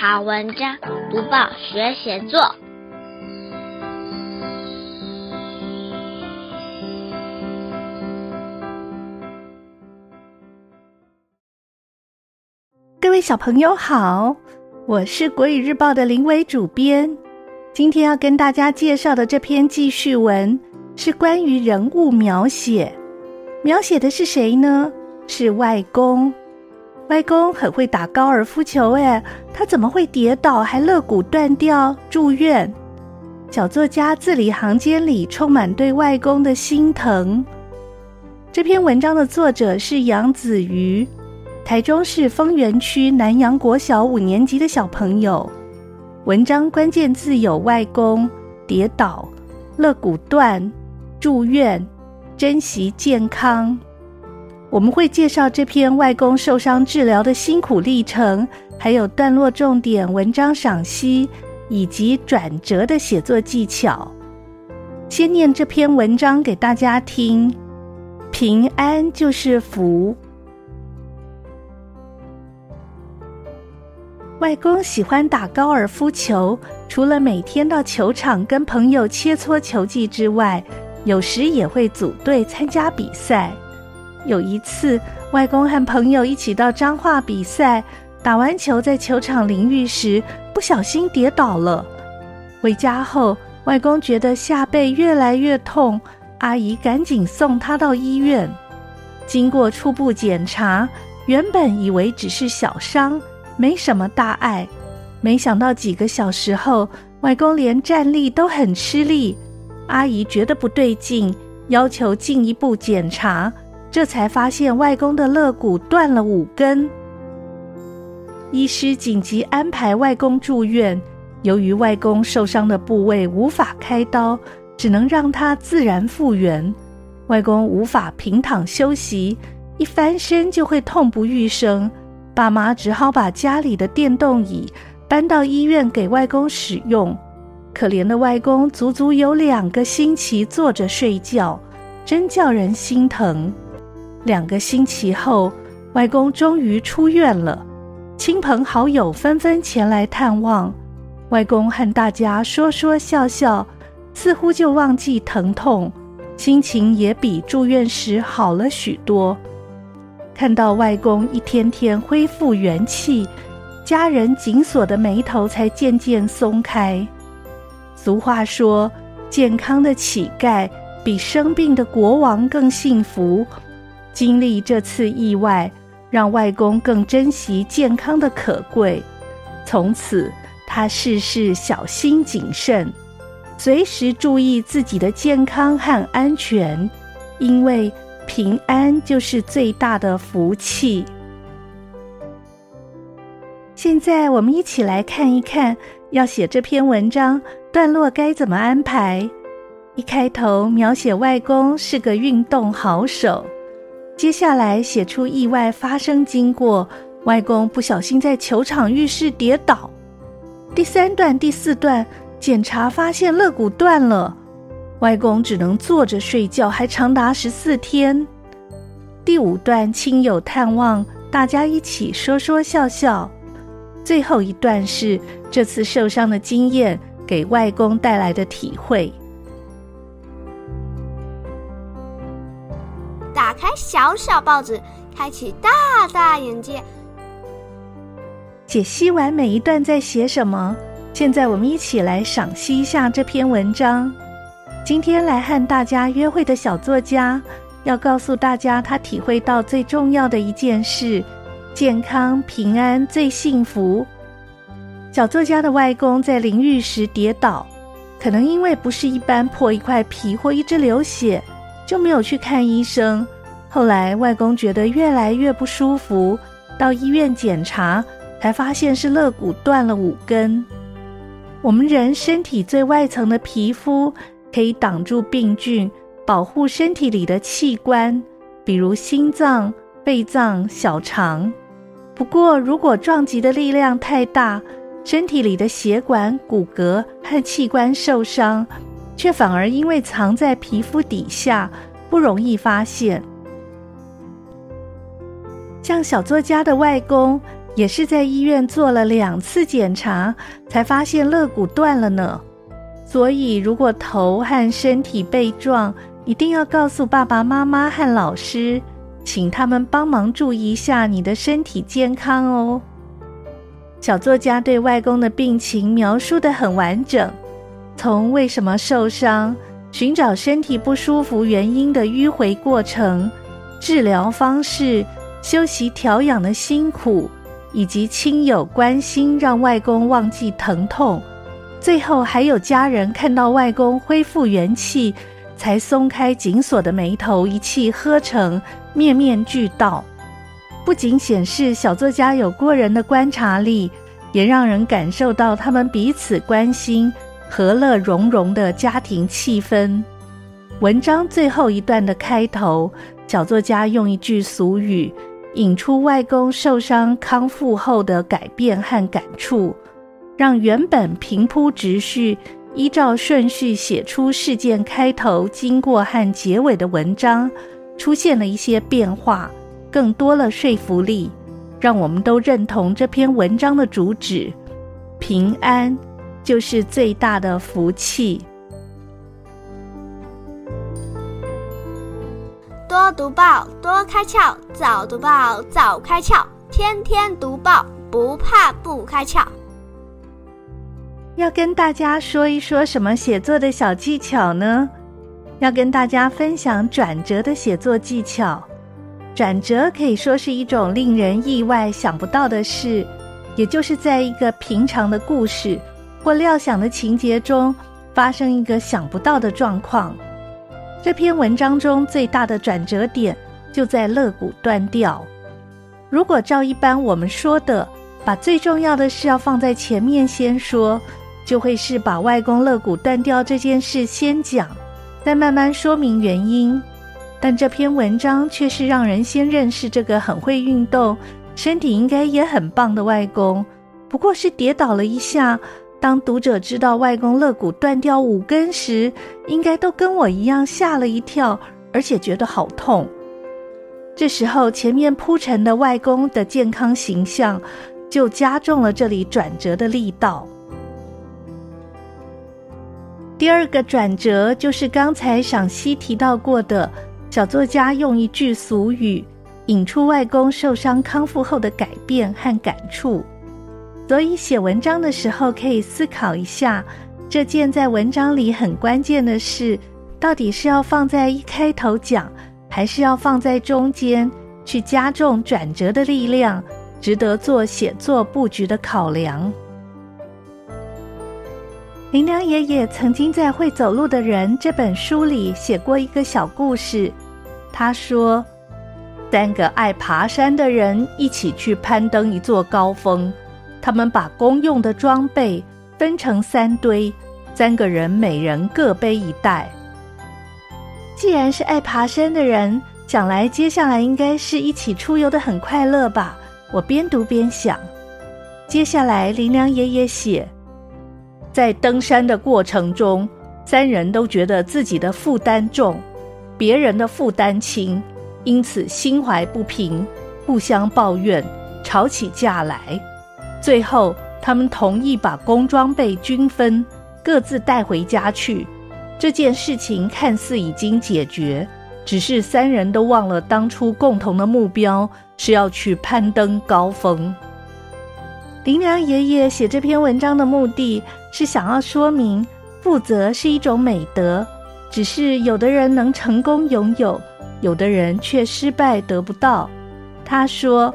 好文章，讀報學寫作。各位小朋友好，我是國語日報的林瑋主編。今天要跟大家介紹的這篇記敘文是關於人物描寫，描寫的是誰呢？是外公。外公很會打高爾夫球，哎，他怎麼會跌倒還肋骨斷掉住院？小作家字裡行間裡充滿對外公的心疼。這篇文章的作者是楊子褕，台中市豐原區南陽國小五年級的小朋友。文章關鍵字有外公、跌倒、肋骨斷、住院、珍惜健康。我們會介紹這篇外公受傷治療的辛苦歷程，還有段落重點、文章賞析以及轉折的寫作技巧。先念這篇文章給大家聽。平安就是福。外公喜歡打高爾夫球，除了每天到球場跟朋友切磋球技之外，有時也會組隊參加比賽。有一次，外公和朋友一起到彰化比賽，打完球在球場淋浴時不小心跌倒了。回家後，外公覺得下背越來越痛，阿姨趕緊送他到醫院。經過初步檢查，原本以為只是小傷，沒什麼大礙。沒想到幾個小時後，外公連站立都很吃力，阿姨覺得不對勁，要求進一步檢查。這才發現外公的肋骨斷了五根，醫師緊急安排外公住院。由於外公受傷的部位無法開刀，只能讓他自然復原。外公無法平躺休息，一翻身就會痛不欲生。爸媽只好把家裡的電動椅搬到醫院給外公使用。可憐的外公足足有兩個星期坐着睡覺，真叫人心疼。兩個星期後，外公終於出院了。親朋好友紛紛前來探望，外公和大家說說笑笑，似乎就忘記疼痛，心情也比住院時好了許多。看到外公一天天恢復元氣，家人緊鎖的眉頭才漸漸鬆開。俗話說：“健康的乞丐比生病的國王更幸福。”經歷這次意外，讓外公更珍惜健康的可貴。從此，他事事小心謹慎，隨時注意自己的健康和安全，因為平安就是最大的福氣。現在，我們一起來看一看，要寫這篇文章段落該怎麼安排。一開頭描寫外公是個運動好手。接下來寫出意外發生經過：外公不小心在球場浴室跌倒。第三段、第四段檢查發現肋骨斷了，外公只能坐着睡覺，還長達十四天。第五段親友探望，大家一起說說笑笑。最後一段是這次受傷的經驗給外公帶來的體會。小小報紙開啟大大眼界，解析完每一段在寫什麼，現在我們一起來賞析一下這篇文章。今天來和大家約會的小作家，要告訴大家他體會到最重要的一件事：健康平安最幸福。小作家的外公在淋浴時跌倒，可能因為不是一般破一塊皮或一直流血，就沒有去看醫生。後來，外公覺得越來越不舒服，到醫院檢查，才發現是肋骨斷了五根。我們人身體最外層的皮膚可以擋住病菌，保護身體裡的器官，比如心臟、肺臟、小腸。不過，如果撞擊的力量太大，身體裡的血管、骨骼和器官受傷，卻反而因為藏在皮膚底下，不容易發現。像小作家的外公也是在醫院做了兩次檢查，才發現肋骨斷了呢。所以，如果頭和身體被撞，一定要告訴爸爸媽媽和老師，請他們幫忙注意一下你的身體健康哦。小作家對外公的病情描述得很完整，從為什麼受傷、尋找身體不舒服原因的迂迴過程、治療方式，休息調養的辛苦，以及親友關心讓外公忘記疼痛，最後還有家人看到外公恢復元氣，才鬆開緊鎖的眉頭，一氣呵成，面面俱到。不僅顯示小作家有過人的觀察力，也讓人感受到他們彼此關心、和樂融融的家庭氣氛。文章最後一段的開頭，小作家用一句俗語，引出外公受傷康復後的改變和感觸，讓原本平鋪直敘、依照順序寫出事件開頭、經過和結尾的文章，出現了一些變化，更多了說服力，讓我們都認同這篇文章的主旨：平安就是最大的福氣。多讀報，多開竅；早讀報，早開竅；天天讀報，不怕不開竅。要跟大家說一說什麼寫作的小技巧呢？要跟大家分享轉折的寫作技巧。轉折可以說是一種令人意外、想不到的事，也就是在一個平常的故事或料想的情節中，發生一個想不到的狀況。這篇文章中最大的轉折點就在肋骨斷掉。如果照一般我們說的，把最重要的事要放在前面先說，就會是把外公肋骨斷掉這件事先講，再慢慢說明原因。但這篇文章卻是讓人先認識這個很會運動、身體應該也很棒的外公，不過是跌倒了一下。當讀者知道外公肋骨斷掉五根時，應該都跟我一樣嚇了一跳，而且覺得好痛。這時候前面鋪陳的外公的健康形象，就加重了這裡轉折的力道。第二個轉折就是剛才賞析提到過的，小作家用一句俗語引出外公受傷康復後的改變和感觸。所以寫文章的時候，可以思考一下，這件在文章裡很關鍵的事，到底是要放在一開頭講，還是要放在中間，去加重轉折的力量，值得做寫作佈局的考量。林良爺爺曾經在《會走路的人》這本書裡寫過一個小故事，他說：三個愛爬山的人一起去攀登一座高峰。他們把公用的裝備分成三堆，三個人每人各背一袋。既然是愛爬山的人，想來接下來應該是一起出遊的，很快樂吧？我邊讀邊想。接下來林良爺爺寫，在登山的過程中，三人都覺得自己的負擔重，別人的負擔輕，因此心懷不平，互相抱怨，吵起架來。最後，他們同意把工裝備均分，各自帶回家去。這件事情看似已經解決，只是三人都忘了當初共同的目標是要去攀登高峰。林良爺爺寫這篇文章的目的是想要說明，負責是一種美德，只是有的人能成功擁有，有的人卻失敗得不到。他說。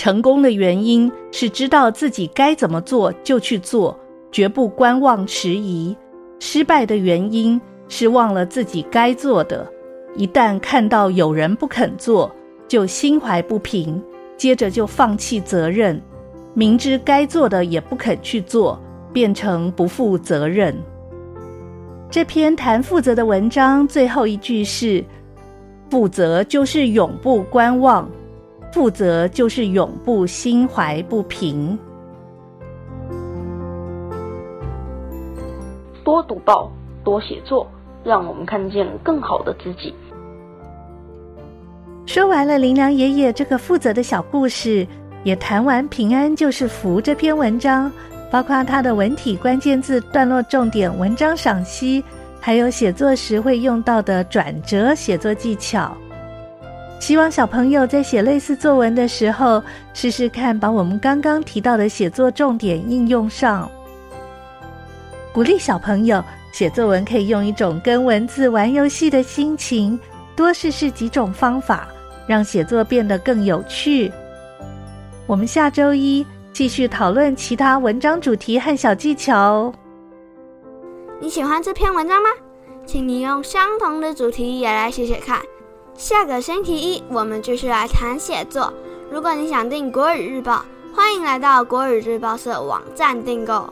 成功的原因是知道自己該怎麼做就去做，絕不觀望遲疑；失敗的原因是忘了自己該做的。一旦看到有人不肯做，就心懷不平，接着就放棄責任，明知該做的也不肯去做，變成不負責任。這篇談負責的文章最後一句是：“負責就是永不觀望。”負責就是永不心懷不平。多讀報，多寫作，讓我們看見更好的自己。說完了林良爺爺這個負責的小故事，也談完《平安就是福》這篇文章，包括他的文體、關鍵字、段落重點、文章賞析，還有寫作時會用到的轉折寫作技巧。希望小朋友在寫類似作文的時候，試試看把我們剛剛提到的寫作重點應用上。鼓勵小朋友寫作文，可以用一種跟文字玩遊戲的心情，多試試幾種方法，讓寫作變得更有趣。我們下周一繼續討論其他文章主題和小技巧哦。你喜歡這篇文章嗎？請你用相同的主題也來寫寫看。下個星期一，我們繼續來談寫作。如果你想訂《國語日報》，歡迎來到《國語日報社》網站訂購。